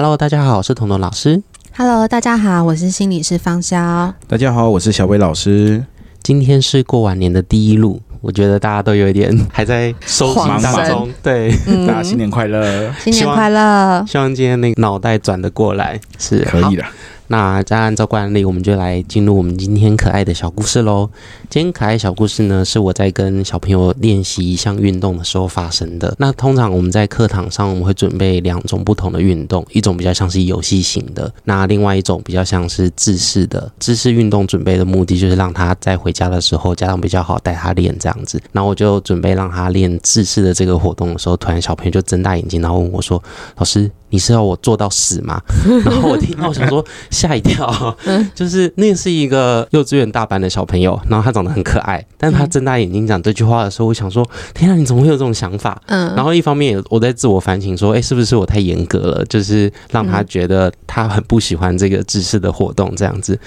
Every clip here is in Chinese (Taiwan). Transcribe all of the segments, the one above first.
Hello，大家好，我是彤彤老師。Hello，大家好，我是心理師方瀟。大家好，我是小薇老師。今天是過完年的第一路，我覺得大家都有一點還在收心當中。生對，嗯、哼大家新年快樂，新年快樂，希望今天那個腦袋轉得過來是可以的。那再按照慣例，我們就來進入我們今天可愛的小故事嘍。今天可愛小故事呢，是我在跟小朋友練習一項運動的時候發生的。那通常我們在課堂上，我們會準備兩種不同的運動，一種比較像是遊戲型的，那另外一種比較像是制式的。制式運動準備的目的就是讓他在回家的時候，家長比較好帶他練這樣子。然後我就準備讓他練制式的這個活動的時候，突然小朋友就睜大眼睛，然後問我說：“老師。”你是要我做到死嗎？ 然後我聽到我想說，嚇一跳，就是那個是一個幼稚園大班的小朋友，然後他長得很可愛，但是他睜大眼睛講這句話的時候，我想說天啊，你怎麼會有這種想法？然後一方面也我在自我反省說，哎，是不是我太嚴格了，就是讓他覺得他很不喜歡這個知識的活動這樣子。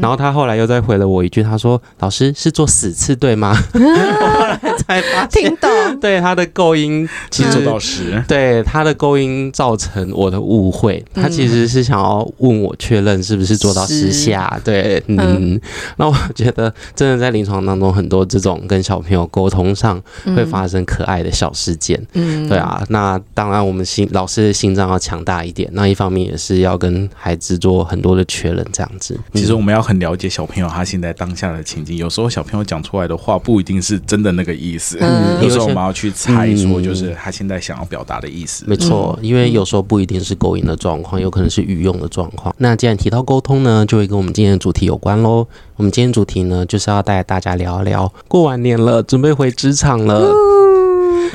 然後他後來又再回了我一句，他說老師是做死次對嗎？ 聽懂，對他的構音其實做到十，對他的構音造成我的誤會，他其實是想要問我確認是不是做到十下，嗯、對，嗯，嗯，那我覺得真的在臨床當中，很多這種跟小朋友溝通上會發生可愛的小事件，嗯，對啊，那當然我們心老師的心臟要強大一點，那一方面也是要跟孩子做很多的確認，這樣子，其實我們要很了解小朋友他現在當下的情境，有時候小朋友講出來的話不一定是真的那個意思。嗯、有時候我們要去猜，說就是他現在想要表達的意思，嗯嗯。沒錯，因為有時候不一定是構音的狀況，有可能是語用的狀況。那既然提到溝通呢，就會跟我們今天的主題有關嘍。我們今天主題呢，就是要帶大家聊一聊，過完年了，準備回職場了。嗯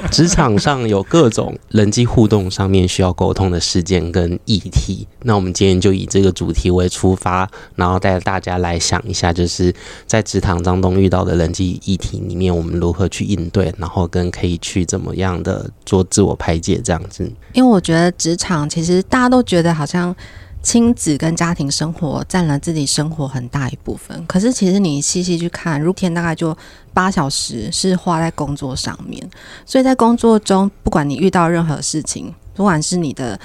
職場上有各種人際互動，上面需要溝通的事件跟議題。那我們今天就以這個主題為出發，然後帶大家來想一下，就是在職場當中遇到的人際議題裡面，我們如何去應對，然後跟可以去怎麼樣的做自我排解，這樣子。因為我覺得職場其實大家都覺得好像。親子跟家庭生活佔了自己生活很大一部分，可是其實你細細去看，一天大概就八小時是花在工作上面，所以在工作中，不管你遇到任何事情，不管是你的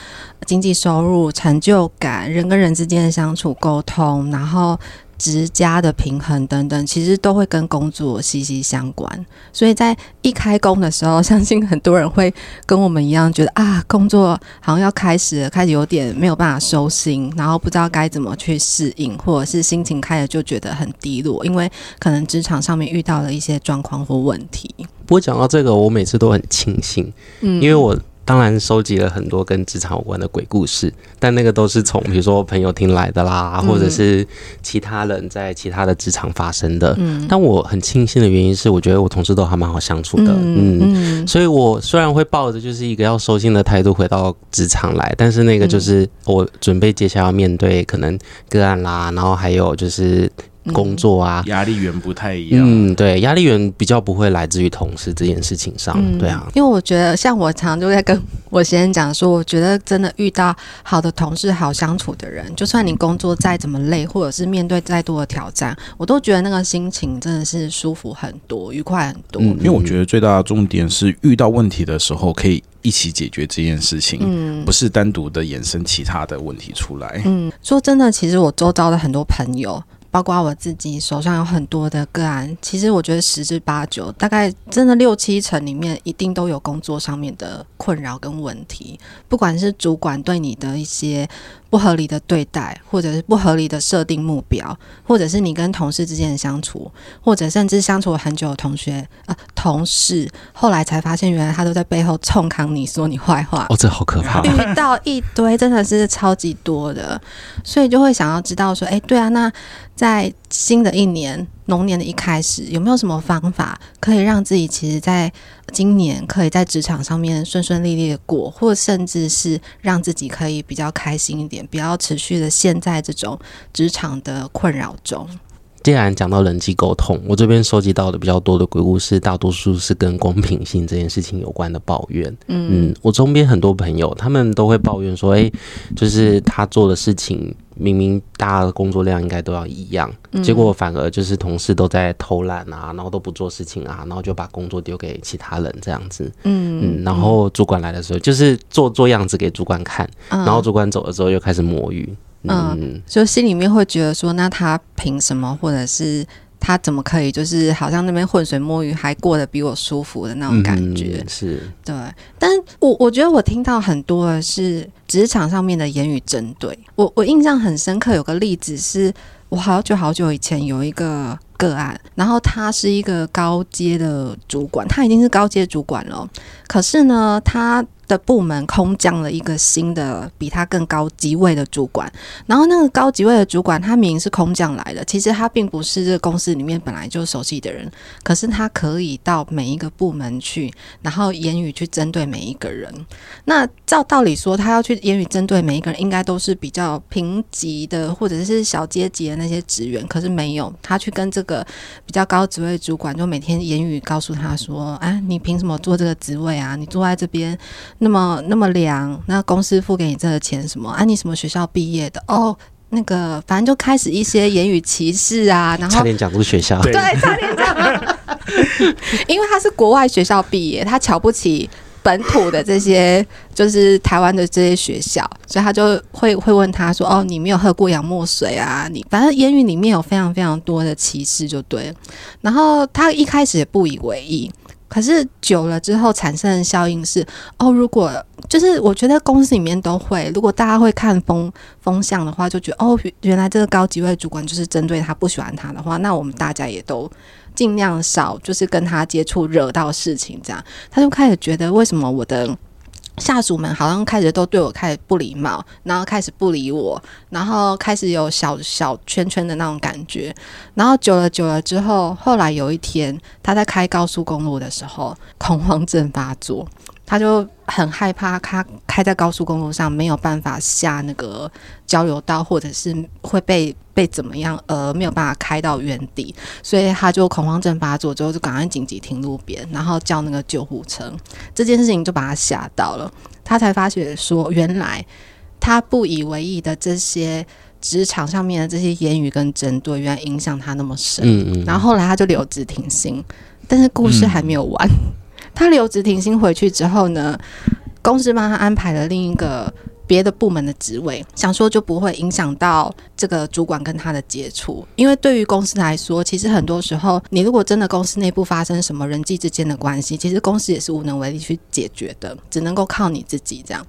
經濟收入、成就感、人跟人之間的相處溝通，然後。職家的平衡等等，其實都會跟工作息息相關。所以在一開工的時候，相信很多人會跟我們一樣，覺得啊，工作好像要開始了，開始有點沒有辦法收心，然後不知道該怎麼去適應，或者是心情開始就覺得很低落，因為可能職場上面遇到了一些狀況或問題。不過講到這個，我每次都很慶幸，嗯，因為我。當然，收集了很多跟職場有關的鬼故事，但那個都是從比如說朋友聽來的啦，或者是其他人在其他的職場發生的。嗯、但我很慶幸的原因是，我覺得我同事都還蠻好相處的，嗯，嗯，所以我雖然會抱着就是一個要收心的態度回到職場來，但是那個就是我準備接下來要面對可能個案啦，然後還有就是。嗯、工作啊，壓力源不太一樣。嗯，對，壓力源比較不會來自於同事這件事情上，嗯、對啊。因為我覺得，像我常常就在跟我先生講說，我覺得真的遇到好的同事，好相處的人，就算你工作再怎麼累，或者是面對再多的挑戰，我都覺得那個心情真的是舒服很多，愉快很多。嗯嗯、因為我覺得最大的重點是，遇到問題的時候可以一起解決這件事情，嗯、不是單獨的衍生其他的問題出來。嗯，說真的，其實我周遭的很多朋友。包括我自己手上有很多的個案，其實我覺得十之八九，大概真的六七成裡面，一定都有工作上面的困擾跟問題，不管是主管對你的一些。不合理的對待，或者是不合理的設定目標，或者是你跟同事之間的相處，或者甚至相處了很久的同學啊，同事，後來才發現原來他都在背後衝康你說你壞話。哦，這好可怕！遇到一堆真的是超級多的，所以就會想要知道說，哎、欸，對啊，那在新的一年，龍年的一開始，有沒有什麼方法可以讓自己其實，在？今年可以在職場上面順順利利的過，或甚至是讓自己可以比較開心一點，不要持續的陷在這種職場的困擾中。既然講到人際溝通，我這邊收集到的比較多的鬼故事，大多數是跟公平性這件事情有關的抱怨。嗯，嗯，我身邊很多朋友，他們都會抱怨說，哎、欸，就是他做的事情，明明大家的工作量應該都要一樣，結果反而就是同事都在偷懶啊，然後都不做事情啊，然後就把工作丟給其他人這樣子。嗯嗯，然後主管來的時候，就是做做樣子給主管看，然後主管走了之後，又開始摸魚。嗯嗯嗯，就、呃、心裡面會覺得說，那他憑什麼，或者是他怎麼可以，就是好像那邊渾水摸魚，還過得比我舒服的那種感覺。嗯、是對，但我我覺得我聽到很多的是職場上面的言語針對我，我印象很深刻。有個例子是我好久好久以前有一個個案，然後他是一個高階的主管，他已經是高階主管了，可是呢，他。的部門空降了一個新的比他更高級位的主管，然後那個高級位的主管，他明明是空降來的，其實他並不是這個公司裡面本來就熟悉的人，可是他可以到每一個部門去，然後言語去針對每一個人。那照道理說，他要去言語針對每一個人，應該都是比較平級的或者是小階級的那些職員，可是沒有，他去跟這個比較高職位的主管，就每天言語告訴他說：“啊，你憑什麼做這個職位啊？你坐在這邊。”那麼那麼涼，那公司付給你這個錢什麼啊？你什麼學校畢業的？哦，那個反正就開始一些言語歧視啊，然後差點講出學校，對，對，差點講， 因為他是國外學校畢業，他瞧不起本土的這些就是台灣的這些學校，所以他就會會問他說：“哦，你沒有喝過洋墨水啊？你反正言語裡面有非常非常多的歧視，就對。然後他一開始也不以為意。”可是久了之後產生的效應是，哦，如果就是我覺得公司裡面都會，如果大家會看風風向的話，就覺得哦，原來這個高級位主管就是針對他不喜歡他的話，那我們大家也都儘量少就是跟他接觸，惹到事情，這樣他就開始覺得為什麼我的。下屬們好像開始都對我開始不禮貌，然後開始不理我，然後開始有小小圈圈的那種感覺，然後久了久了之後，後來有一天，他在開高速公路的時候，恐慌症發作。他就很害怕，他開在高速公路上沒有辦法下那個交流道，或者是會被被怎麼樣？呃，沒有辦法開到原地，所以他就恐慌症發作，之後就趕快緊急停路邊，然後叫那個救護車。這件事情就把他嚇到了，他才發覺說，原來他不以為意的這些職場上面的這些言語跟針對，原來影響他那麼深。嗯嗯。然後後來他就留職停薪，但是故事還沒有完。嗯 他留職停薪回去之後呢，公司幫他安排了另一個。別的部門的職位，想說就不會影響到這個主管跟他的接觸，因為對於公司來說，其實很多時候，你如果真的公司內部發生什麼人際之間的關係，其實公司也是無能為力去解決的，只能夠靠你自己這樣。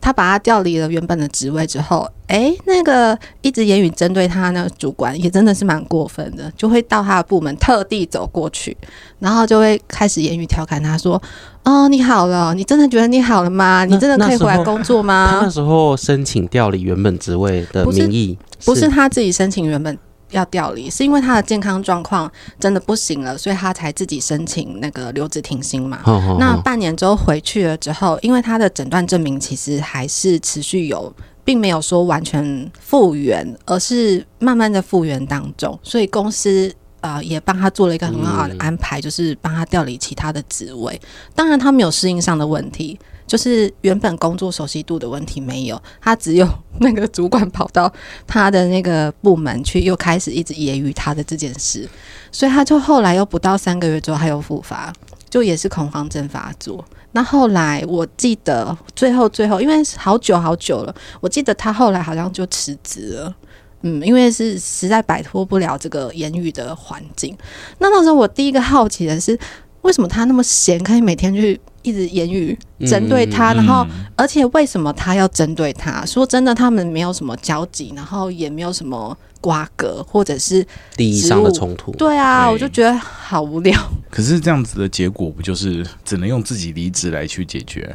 他把他調離了原本的職位之後，誒，那個一直言語針對他那個主管也真的是蠻過分的，就會到他的部門特地走過去，然後就會開始言語調侃他說。哦，你好了？你真的覺得你好了嗎？你真的可以回來工作嗎？他那時候申請調離原本職位的名義不，不是他自己申請原本要調離，是因為他的健康狀況真的不行了，所以他才自己申請那個留職停薪嘛。哦哦哦。那半年之後回去了之後，因為他的診斷證明其實還是持續有，並沒有說完全復原，而是慢慢的復原當中，所以公司。啊、呃，也幫他做了一個很好的安排，嗯、就是幫他調離其他的職位。當然，他沒有適應上的問題，就是原本工作熟悉度的問題沒有。他只有那個主管跑到他的那個部門去，又開始一直揶揄他的這件事，所以他就後來又不到三個月之後，他又復發，就也是恐慌症發作。那後來我記得最後最後，因為好久好久了，我記得他後來好像就辭職了。嗯，因為是實在擺脫不了這個言語的環境。那那時候我第一個好奇的是，為什麼他那麼閒，可以每天去一直言語針對他？嗯、然後，嗯、而且為什麼他要針對他？說真的，他們沒有什麼交集，然後也沒有什麼瓜葛，或者是利益上的衝突。對啊，我就覺得好無聊。可是這樣子的結果，不就是只能用自己離職來去解決？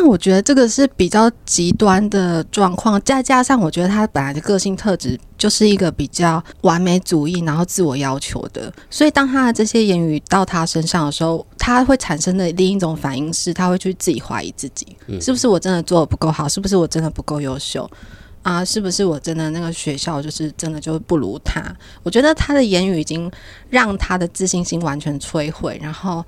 但我覺得這個是比較極端的狀況，再加上我覺得他本來的個性特質就是一個比較完美主義，然後自我要求的，所以當他的這些言語到他身上的時候，他會產生的另一種反應是，他會去自己懷疑自己，嗯、是不是我真的做的不夠好，是不是我真的不夠優秀啊？是不是我真的那個學校就是真的就不如他？我覺得他的言語已經讓他的自信心完全摧毀，然後。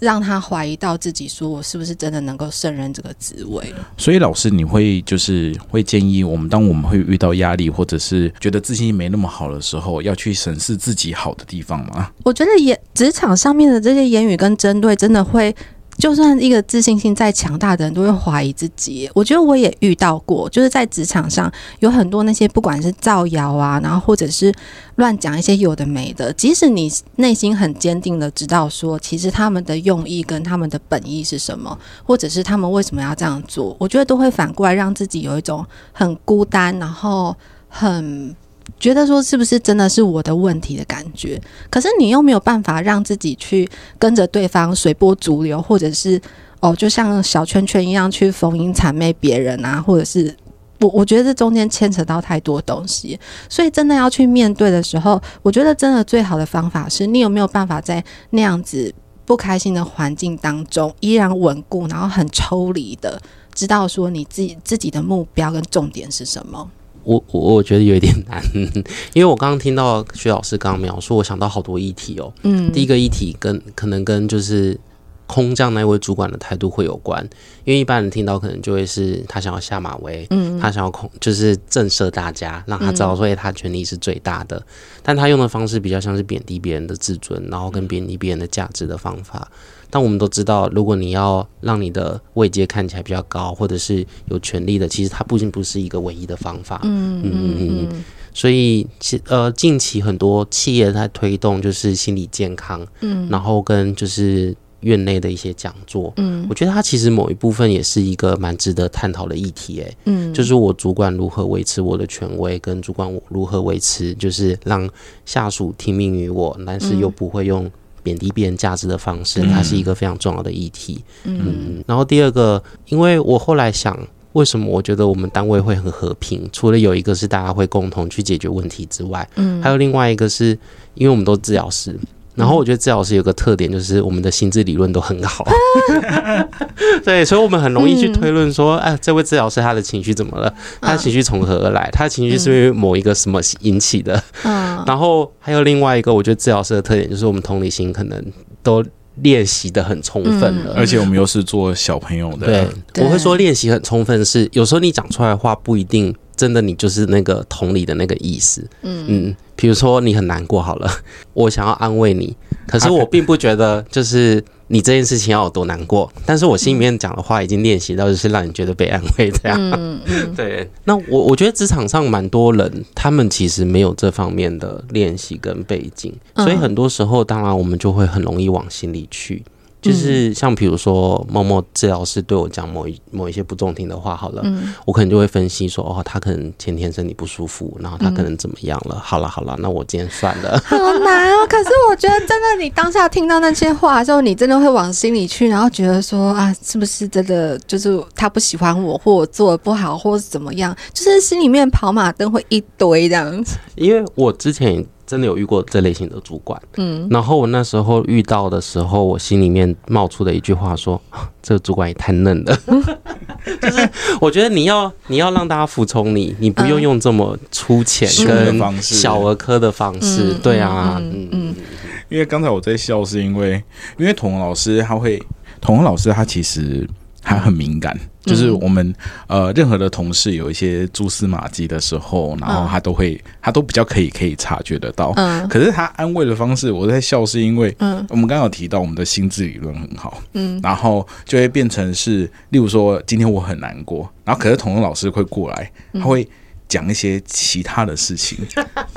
讓他懷疑到自己，說我是不是真的能夠勝任這個職位。所以老師，你會就是會建議我們，當我們會遇到壓力，或者是覺得自信沒那麼好的時候，要去審視自己好的地方嗎？我覺得言職場上面的這些言語跟針對，真的會。就算一個自信心再強大的人，都會懷疑自己。我覺得我也遇到過，就是在職場上，有很多那些不管是造謠啊，然後或者是亂講一些有的沒的。即使你內心很堅定地知道說，其實他們的用意跟他們的本意是什麼，或者是他們為什麼要這樣做，我覺得都會反過來讓自己有一種很孤單，然後很。覺得說是不是真的是我的問題的感覺，可是你又沒有辦法讓自己去跟着對方隨波逐流，或者是哦，就像小圈圈一樣去逢迎諂媚別人啊，或者是我我覺得這中間牽扯到太多東西，所以真的要去面對的時候，我覺得真的最好的方法是你有沒有辦法在那樣子不開心的環境當中依然穩固，然後很抽離的知道說你自己自己的目標跟重點是什麼。我我我覺得有一點難，因為我剛剛聽到薛老師剛剛描述，我想到好多議題哦。嗯，第一個議題跟可能跟就是。空降那位主管的態度會有關，因為一般人聽到可能就會是他想要下馬威，嗯、嗯，他想要恐就是震懾大家，讓他知道，所以他權力是最大的。嗯嗯，但他用的方式比較像是貶低別人的自尊，然後跟貶低別人的價值的方法。嗯嗯，但我們都知道，如果你要讓你的位階看起來比較高，或者是有權力的，其實他不僅不是一個唯一的方法。嗯嗯嗯嗯、嗯。所以其呃近期很多企業在推動就是心理健康，嗯、嗯，然後跟就是。院內的一些講座，嗯，我覺得它其實某一部分也是一個蠻值得探討的議題誒，嗯，就是我主管如何維持我的權威，跟主管我如何維持，就是讓下屬聽命於我，但是又不會用貶低別人價值的方式，嗯，它是一個非常重要的議題，嗯，嗯，然後第二個，因為我後來想，為什麼我覺得我們單位會很和平？除了有一個是大家會共同去解決問題之外，嗯，還有另外一個是因為我們都是治療師。嗯、然後我覺得治療師有個特點，就是我們的心智理論都很好， 對，所以我們很容易去推論說，哎，這位治療師他的情緒怎麼了？他的情緒從何而來？他的情緒是因為某一個什麼引起的？然後還有另外一個，我覺得治療師的特點就是我們同理心可能都練習得很充分了，而且我們又是做小朋友的，對，我會說練習很充分是有時候你講出來的話不一定真的你就是那個同理的那個意思，嗯嗯。比如說你很難過好了，我想要安慰你，可是我並不覺得就是你這件事情要有多難過，但是我心裡面講的話已經練習到就是讓你覺得被安慰這樣。嗯嗯、對，那我我覺得職場上蠻多人，他們其實沒有這方面的練習跟背景，所以很多時候當然我們就會很容易往心裡去。就是像比如說，某某治療師對我講某一某一些不中聽的話，好了，嗯、我可能就會分析說，哦，他可能前天身體不舒服，然後他可能怎麼樣了，嗯、好了，好了，那我今天算了。好難哦、喔，可是我覺得，真的，你當下聽到那些話的時候，你真的會往心裡去，然後覺得說，啊，是不是真的就是他不喜歡我，或我做的不好，或是怎麼樣？就是心裡面跑馬燈會一堆這樣子。因為我之前，真的有遇過這類型的主管，嗯，然後我那時候遇到的時候，我心裡面冒出了一句話說：“啊、這個、主管也太嫩了。嗯” 就是我覺得你要你要讓大家服從你，你不用用這麼粗淺跟小兒科的方式，嗯嗯、對啊，嗯嗯。因為剛才我在笑，是因為因為童老師他會，童老師他其實。他很敏感，就是我們呃，任何的同事有一些蛛絲馬跡的時候，然後他都會，嗯、他都比較可以可以察覺得到。嗯，可是他安慰的方式，我在笑是因為，嗯，我們剛剛有提到我們的心智理論很好，嗯，然後就會變成是，例如說今天我很難過，然後可是彤彤老師會過來，他會。講一些其他的事情，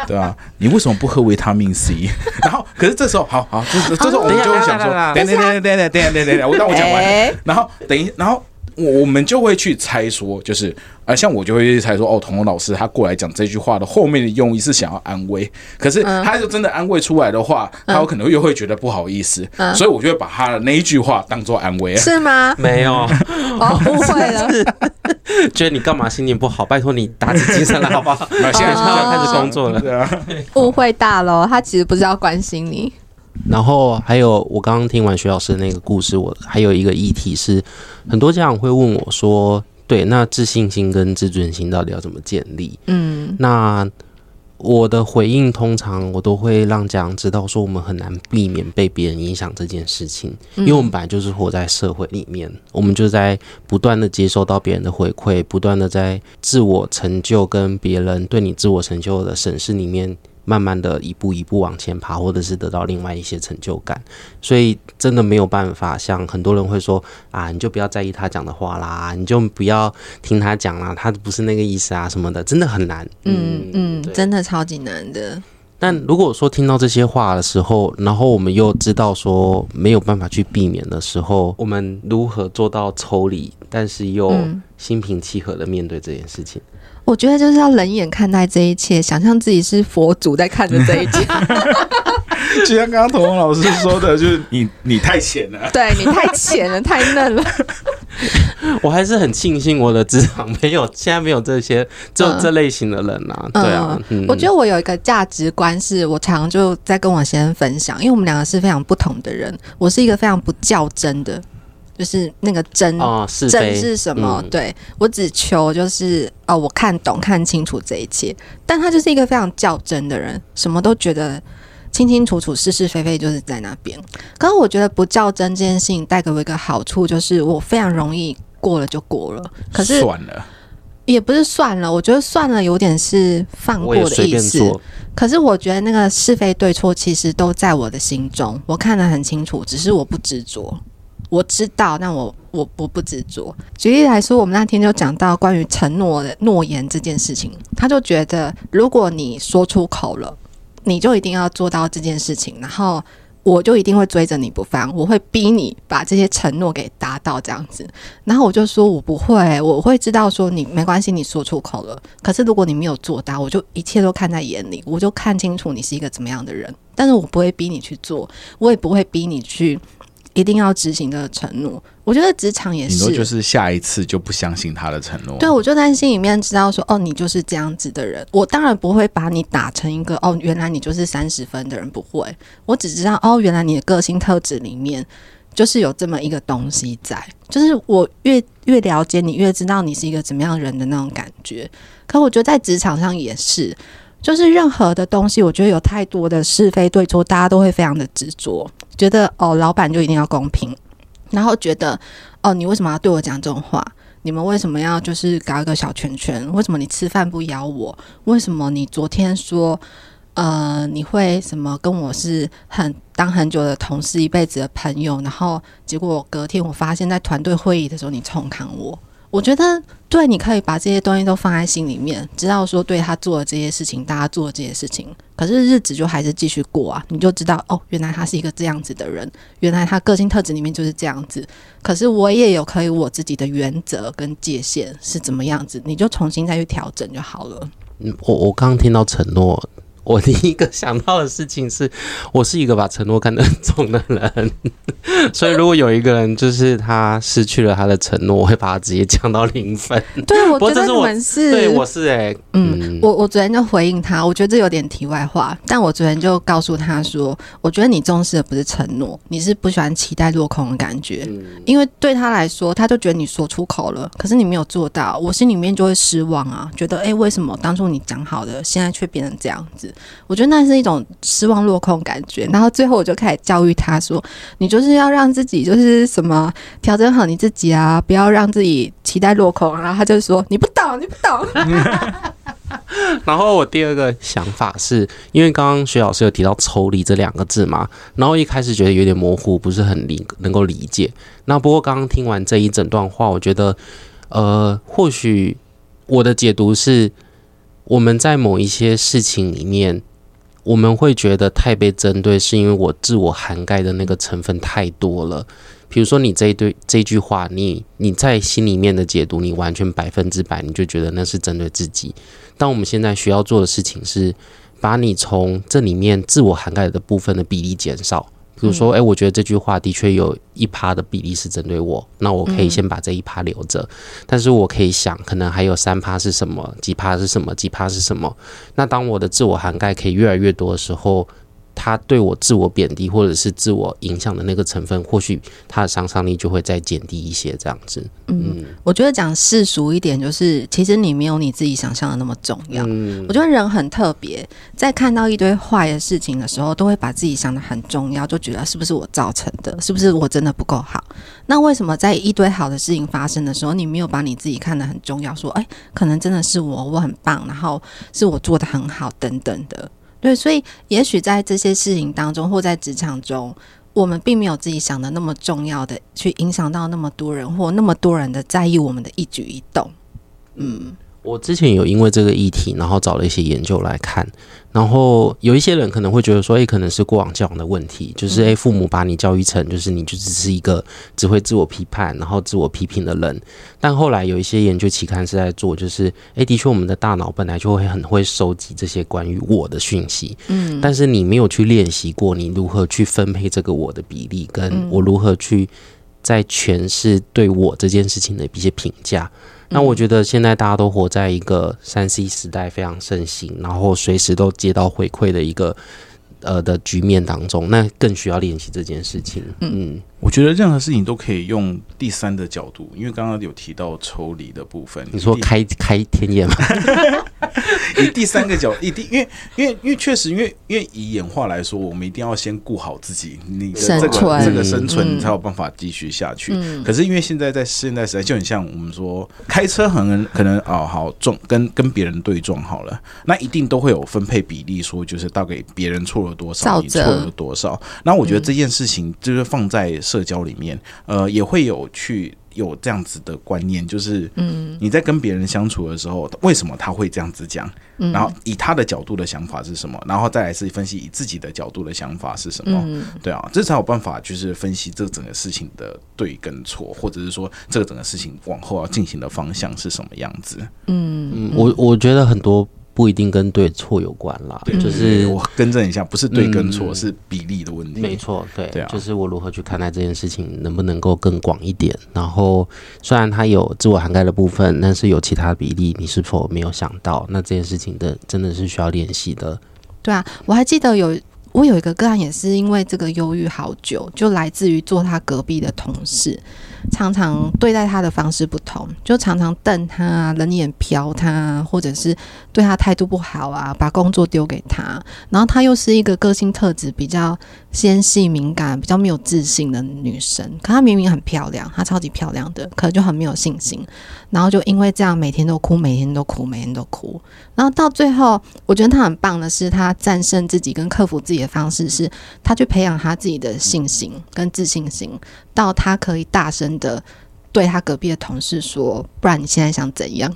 對吧？啊？你為什麼不喝維他命 C？ 然後，可是這時候，好好這這，這時候我們就會想說，哦、等啦啦等等、啊、等等等等等等，我讓我講完了。了、欸，然後等一，然後。我我們就會去猜說，就是而像我就會去猜說，哦，彤彤老師他過來講這句話的後面的用意是想要安慰，可是他就真的安慰出來的話，嗯、他有可能又會覺得不好意思，嗯嗯、所以我就會把他的那一句話當做安慰，是嗎？沒有，我、哦、誤會了 是，覺得你幹嘛心情不好？拜托你打起精神來，好不好？ 沒有現在他要開始工作了，哦、誤會大了，他其實不是要關心你。然後還有，我剛剛聽完徐老師的那個故事，我還有一個議題是，很多家長會問我說，對，那自信心跟自尊心到底要怎麼建立？嗯，那我的回應通常我都會讓家長知道，說我們很難避免被別人影響這件事情，因為我們本來就是活在社會裡面，我們就在不斷的接收到別人的回饋，不斷的在自我成就跟別人對你自我成就的審視裡面。慢慢的一步一步往前爬，或者是得到另外一些成就感，所以真的沒有辦法像很多人會說啊，你就不要在意他講的話啦，你就不要聽他講啦，他不是那個意思啊什麼的，真的很難。嗯嗯，嗯對真的超級難的。但如果說聽到這些話的時候，然後我們又知道說沒有辦法去避免的時候，我們如何做到抽離，但是又心平氣和的面對這件事情？嗯我覺得就是要冷眼看待這一切，想象自己是佛祖在看着這一切。就 像剛剛彤彤老師說的，就是你你太淺了， 對，你太淺了，太嫩了。 我還是很慶幸我的職場，沒有，現在沒有這些，就這類型的人啊。嗯，對啊。我覺得我有一個價值觀是，是我常常就在跟我先生分享，因為我們兩個是非常不同的人。我是一個非常不較真的。就是那個真，哦、是非，真是什麼？嗯、對我只求就是，哦，我看懂、看清楚這一切。但他就是一個非常較真的人，什麼都覺得清清楚楚、是是非非，就是在那邊。可是我覺得不較真這件事情帶給我一個好處，就是我非常容易過了就過了。可是算了，也不是算了，我覺得算了有點是放過的意思。可是我覺得那個是非對錯其實都在我的心中，我看得很清楚，只是我不執着。我知道，那我我我不執着。舉例來說，我們那天就講到關於承諾的諾言這件事情，他就覺得如果你說出口了，你就一定要做到這件事情，然後我就一定會追着你不放，我會逼你把這些承諾給達到這樣子。然後我就說我不會，我會知道說你沒關係，你說出口了，可是如果你沒有做到，我就一切都看在眼裡，我就看清楚你是一個怎麼樣的人，但是我不會逼你去做，我也不會逼你去。一定要執行的承諾，我覺得職場也是，很多就是下一次就不相信他的承諾，對，我就在心裡面知道說，哦，你就是這樣子的人。我當然不會把你打成一個，哦，原來你就是三十分的人，不會。我只知道，哦，原來你的個性特質裡面就是有這麼一個東西在，就是我越越了解你，越知道你是一個怎麼樣人的那種感覺。可我覺得在職場上也是，就是任何的東西，我覺得有太多的是非對錯，大家都會非常的執着。覺得哦，老闆就一定要公平，然後覺得哦，你為什麼要對我講這種話？你們為什麼要就是搞一個小圈圈？為什麼你吃飯不咬我？為什麼你昨天說呃你會什麼跟我是很當很久的同事，一輩子的朋友，然後結果隔天我發現在團隊會議的時候你衝康我。我覺得對，你可以把這些東西都放在心裡面，知道說，對他做的這些事情，大家做的這些事情，可是，日子就還是繼續過啊。你就知道哦，原來他是一個這樣子的人，原來他個性特質裡面就是這樣子。可是，我也有可以我自己的原則跟界限是怎麼樣子，你就重新再去調整就好了。嗯，我我剛剛聽到承諾。我第一個想到的事情是，我是一個把承諾看得很重的人， 所以如果有一個人就是他失去了他的承諾，我會把他直接降到零分。對，我覺得你們是,是我對，我是哎、欸，嗯，嗯我我昨天就回應他，我覺得這有點題外話，但我昨天就告訴他說，我覺得你重視的不是承諾，你是不喜歡期待落空的感覺，嗯、因為對他來說，他就覺得你說出口了，可是你沒有做到，我心裡面就會失望啊，覺得哎、欸，為什麼當初你講好的，現在卻變成這樣子？我覺得那是一種失望落空的感覺，然後最後我就開始教育他說：“你就是要讓自己就是什麼調整好你自己啊，不要讓自己期待落空。”然後他就說：“你不懂，你不懂。” 然後我第二個想法是因為剛剛徐老師有提到“抽離”這兩個字嘛，然後一開始覺得有點模糊，不是很理能夠理解。那不過剛剛聽完這一整段話，我覺得，呃，或許我的解讀是。我們在某一些事情裡面，我們會覺得太被針對，是因為我自我涵蓋的那個成分太多了。比如說你這一對這一句話，你你在心裡面的解讀，你完全百分之百，你就覺得那是針對自己。但我們現在需要做的事情是，把你從這裡面自我涵蓋的部分的比例減少。比如說，哎、欸，我覺得這句話的確有一趴的比例是針對我，那我可以先把這一趴留着。嗯、但是我可以想，可能還有三趴是什麼，幾趴是什麼，幾趴是什麼。那當我的自我涵蓋可以越來越多的時候。他對我自我貶低或者是自我影響的那個成分，或許他的傷傷力就會再減低一些，這樣子。嗯，嗯我覺得講世俗一點，就是其實你沒有你自己想象的那麼重要。嗯，我覺得人很特別，在看到一堆壞的事情的時候，都會把自己想得很重要，就覺得是不是我造成的，是不是我真的不夠好？那為什麼在一堆好的事情發生的時候，你沒有把你自己看得很重要？說，哎、欸，可能真的是我，我很棒，然後是我做得很好，等等的。對，所以也許在這些事情當中，或在職場中，我們並沒有自己想的那麼重要的，去影響到那麼多人，或那麼多人的在意我們的一舉一動。嗯。我之前有因為這個議題，然後找了一些研究來看，然後有一些人可能會覺得說，哎、欸，可能是過往教養的問題，就是哎、欸，父母把你教育成，就是你就只是一個只會自我批判，然後自我批評的人。但後來有一些研究期刊是在做，就是哎、欸，的確，我們的大腦本來就會很會收集這些關於我的訊息，嗯，但是你沒有去練習過，你如何去分配這個我的比例，跟我如何去在詮釋對我這件事情的一些評價。那我覺得現在大家都活在一個三 C 時代非常盛行，然後隨時都接到回饋的一個呃的局面當中，那更需要練習這件事情。嗯。嗯我覺得任何事情都可以用第三的角度，因為剛剛有提到抽離的部分。你說開定開天眼嗎？ 以第三個角度，一定，因為因為因為確實，因為因為以演化來說，我們一定要先顧好自己，那個存這個這個生存才有辦法繼續下去。嗯、可是因為現在在現代時代，就很像我們說、嗯、開車很，可能可能哦好撞跟跟別人對撞好了，那一定都會有分配比例，說就是到底別人錯了多少，少者你錯了多少。那我覺得這件事情就是放在。社交裡面，呃，也會有去有這樣子的觀念，就是，嗯，你在跟別人相處的時候，為什麼他會這樣子講？然後以他的角度的想法是什麼？然後再來是分析以自己的角度的想法是什麼？對啊，這才有辦法就是分析這整個事情的對跟錯，或者是說這個整個事情往後要進行的方向是什麼樣子？嗯，嗯我我覺得很多。不一定跟對錯有關啦，對就是，嗯、我更正一下，不是對跟錯，嗯、是比例的問題。沒錯，對，對啊，就是我如何去看待這件事情，能不能夠更廣一點？然後雖然它有自我涵蓋的部分，但是有其他比例，你是否沒有想到？那這件事情的真的是需要練習的，對啊，我還記得有。我有一個個案，也是因為這個憂鬱好久，就來自於坐他隔壁的同事，常常對待他的方式不同，就常常瞪他啊、冷眼瞟他，或者是對他態度不好啊，把工作丟給他。然後她又是一個個性特質比較纖細、敏感、比較沒有自信的女生。可她明明很漂亮，她超級漂亮的，可就很沒有信心。然後就因為這樣，每天都哭，每天都哭，每天都哭。然後到最後，我覺得她很棒的是，她戰勝自己跟克服自己。方式是，他去培養他自己的信心跟自信心，到他可以大聲的對他隔壁的同事說：“不然你現在想怎樣？”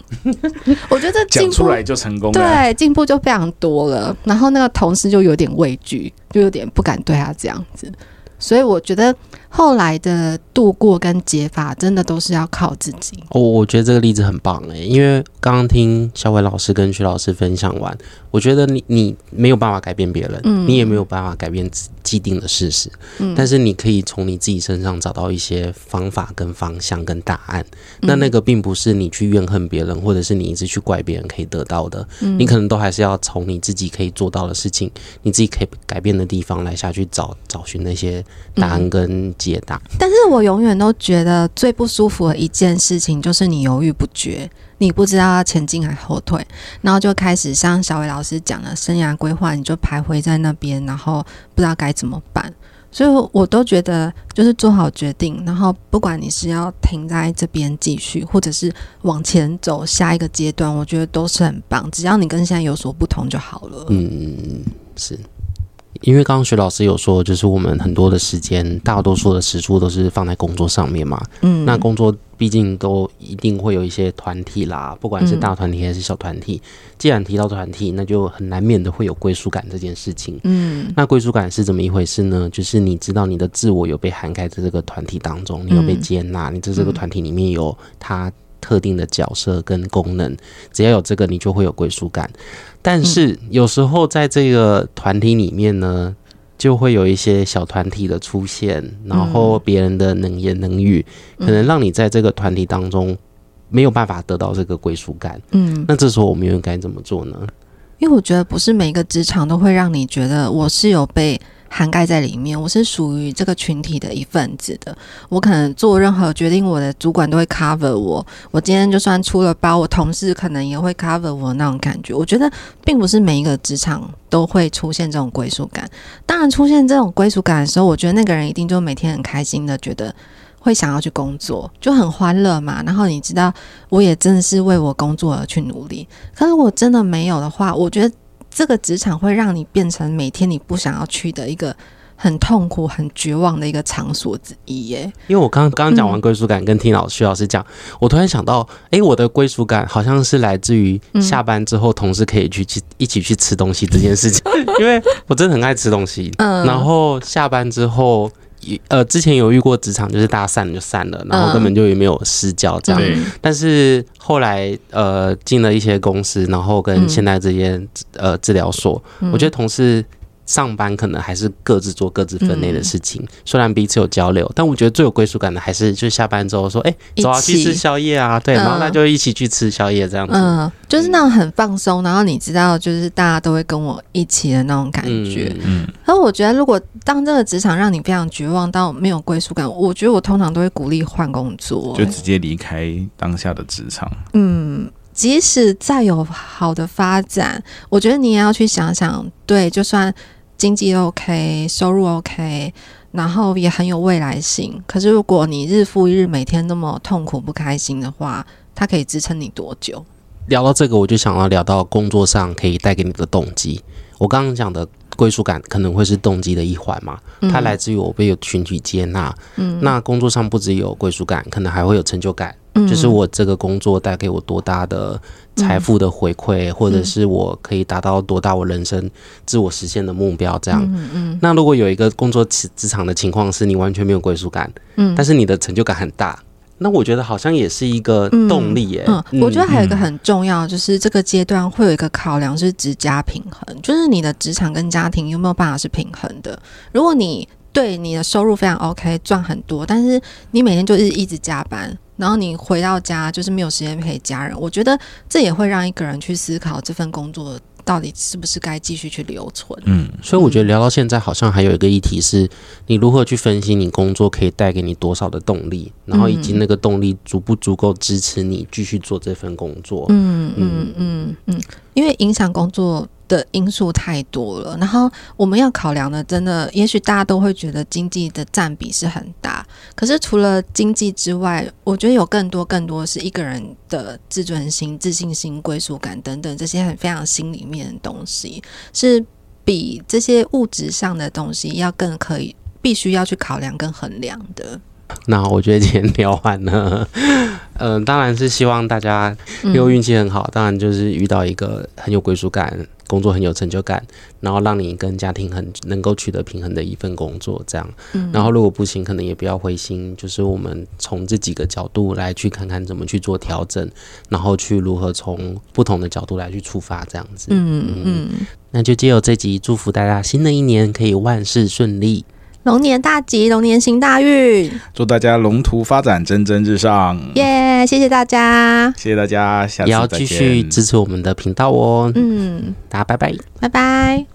我覺得這進步，講出來就成功了，對，進步就非常多了。然後那個同事就有點畏懼，就有點不敢對他這樣子。所以我覺得後來的度過跟解法，真的都是要靠自己。哦，我覺得這個例子很棒哎、欸，因為剛剛聽小偉老師跟徐老師分享完，我覺得你你沒有辦法改變別人，嗯、你也沒有辦法改變既定的事實，嗯、但是你可以從你自己身上找到一些方法跟方向跟答案。那、嗯、那個並不是你去怨恨別人，或者是你一直去怪別人可以得到的，嗯、你可能都還是要從你自己可以做到的事情，你自己可以改變的地方來下去找找尋那些。答案跟解答、嗯，但是我永遠都覺得最不舒服的一件事情就是你猶豫不決，你不知道要前進還是後退，然後就開始像小偉老師講的生涯規劃，你就徘徊在那邊，然後不知道該怎麼辦。所以，我都覺得就是做好決定，然後不管你是要停在這邊繼續，或者是往前走下一個階段，我覺得都是很棒，只要你跟現在有所不同就好了。嗯，是。因為剛剛徐老師有說，就是我們很多的時間，大多數的時數都是放在工作上面嘛。嗯，那工作畢竟都一定會有一些團體啦，不管是大團體還是小團體。嗯、既然提到團體，那就很難免的會有歸屬感這件事情。嗯，那歸屬感是怎麼一回事呢？就是你知道你的自我有被涵蓋在這個團體當中，你有被接納，嗯、你在這個團體裡面有他。特定的角色跟功能，只要有這個，你就會有歸屬感。但是、嗯、有時候在這個團體裡面呢，就會有一些小團體的出現，然後別人的冷言冷語，嗯、可能讓你在這個團體當中沒有辦法得到這個歸屬感。嗯，那這時候我們又該怎麼做呢？因為我覺得不是每一個職場都會讓你覺得我是有被。涵蓋在裡面，我是屬於這個群體的一份子的。我可能做任何決定，我的主管都會 cover 我。我今天就算出了包，我同事可能也會 cover 我那種感覺。我覺得並不是每一個職場都會出現這種歸屬感。當然，出現這種歸屬感的時候，我覺得那個人一定就每天很開心的，覺得會想要去工作，就很歡樂嘛。然後你知道，我也真的是為我工作而去努力。可是我真的沒有的話，我覺得。這個職場會讓你變成每天你不想要去的一個很痛苦、很絕望的一個場所之一耶、欸。因為我剛剛講完歸屬感，跟聽老師徐老師講，嗯、我突然想到，哎、欸，我的歸屬感好像是來自於下班之後同事可以去一起去吃東西這件事情，嗯、因為我真的很愛吃東西。嗯，然後下班之後。呃，之前有遇過職場，就是大家散了就散了，然後根本就也沒有私交這樣。但是後來呃進了一些公司，然後跟現在這些呃治療所，我覺得同事。上班可能還是各自做各自分內的事情，嗯、雖然彼此有交流，但我覺得最有歸屬感的還是就下班之後說：“哎、欸，走啊，一起去吃宵夜啊！”對，嗯、然後那就一起去吃宵夜，這樣子，嗯，就是那種很放鬆。然後你知道，就是大家都會跟我一起的那種感覺，嗯。那、嗯、我覺得，如果當這個職場讓你非常絕望到沒有歸屬感，我覺得我通常都會鼓勵換工作，就直接離開當下的職場。嗯，即使再有好的發展，我覺得你也要去想想，對，就算。經濟 OK，收入 OK，然後也很有未來性。可是如果你日復一日每天那麼痛苦不開心的話，它可以支撐你多久？聊到這個，我就想要聊到工作上可以帶給你的動機。我剛剛講的歸屬感可能會是動機的一環嘛，它來自於我被有群體接納。嗯，那工作上不只有歸屬感，可能還會有成就感。就是我這個工作帶給我多大的財富的回饋，嗯、或者是我可以達到多大我人生自我實現的目標這樣。嗯嗯，嗯嗯，那如果有一個工作職、職場的情況是你完全沒有歸屬感，嗯，但是你的成就感很大，那我覺得好像也是一個動力耶、欸。嗯，我覺得還有一個很重要，就是這個階段會有一個考量是職家平衡，就是你的職場跟家庭有沒有辦法是平衡的。如果你對你的收入非常 OK，賺很多，但是你每天就是一直加班。然後你回到家就是沒有時間陪家人，我覺得這也會讓一個人去思考這份工作到底是不是該繼續去留存。嗯，所以我覺得聊到現在好像還有一個議題是，嗯、你如何去分析你工作可以帶給你多少的動力，然後以及那個動力足不足夠支持你繼續做這份工作。嗯嗯嗯嗯，因為影響工作。的因素太多了，然後我們要考量的，真的，也許大家都會覺得經濟的占比是很大，可是除了經濟之外，我覺得有更多更多是一個人的自尊心、自信心、歸屬感等等，這些很非常心裡面的東西，是比這些物質上的東西要更可以必須要去考量跟衡量的。那我覺得今天聊完了，嗯、 呃，當然是希望大家，因為運氣很好，嗯、當然就是遇到一個很有歸屬感。工作很有成就感，然後讓你跟家庭很能夠取得平衡的一份工作，這樣。然後如果不行，可能也不要灰心，就是我們從這幾個角度來去看看怎麼去做調整，然後去如何從不同的角度來去出發這樣子。嗯嗯嗯。那就借由這集，祝福大家新的一年可以萬事順利。龍年大吉，龍年行大運，祝大家龍途發展蒸蒸日上！耶，yeah, 謝謝大家，謝謝大家，下次再見，也要繼續支持我們的頻道哦。嗯，大家拜拜，拜拜。嗯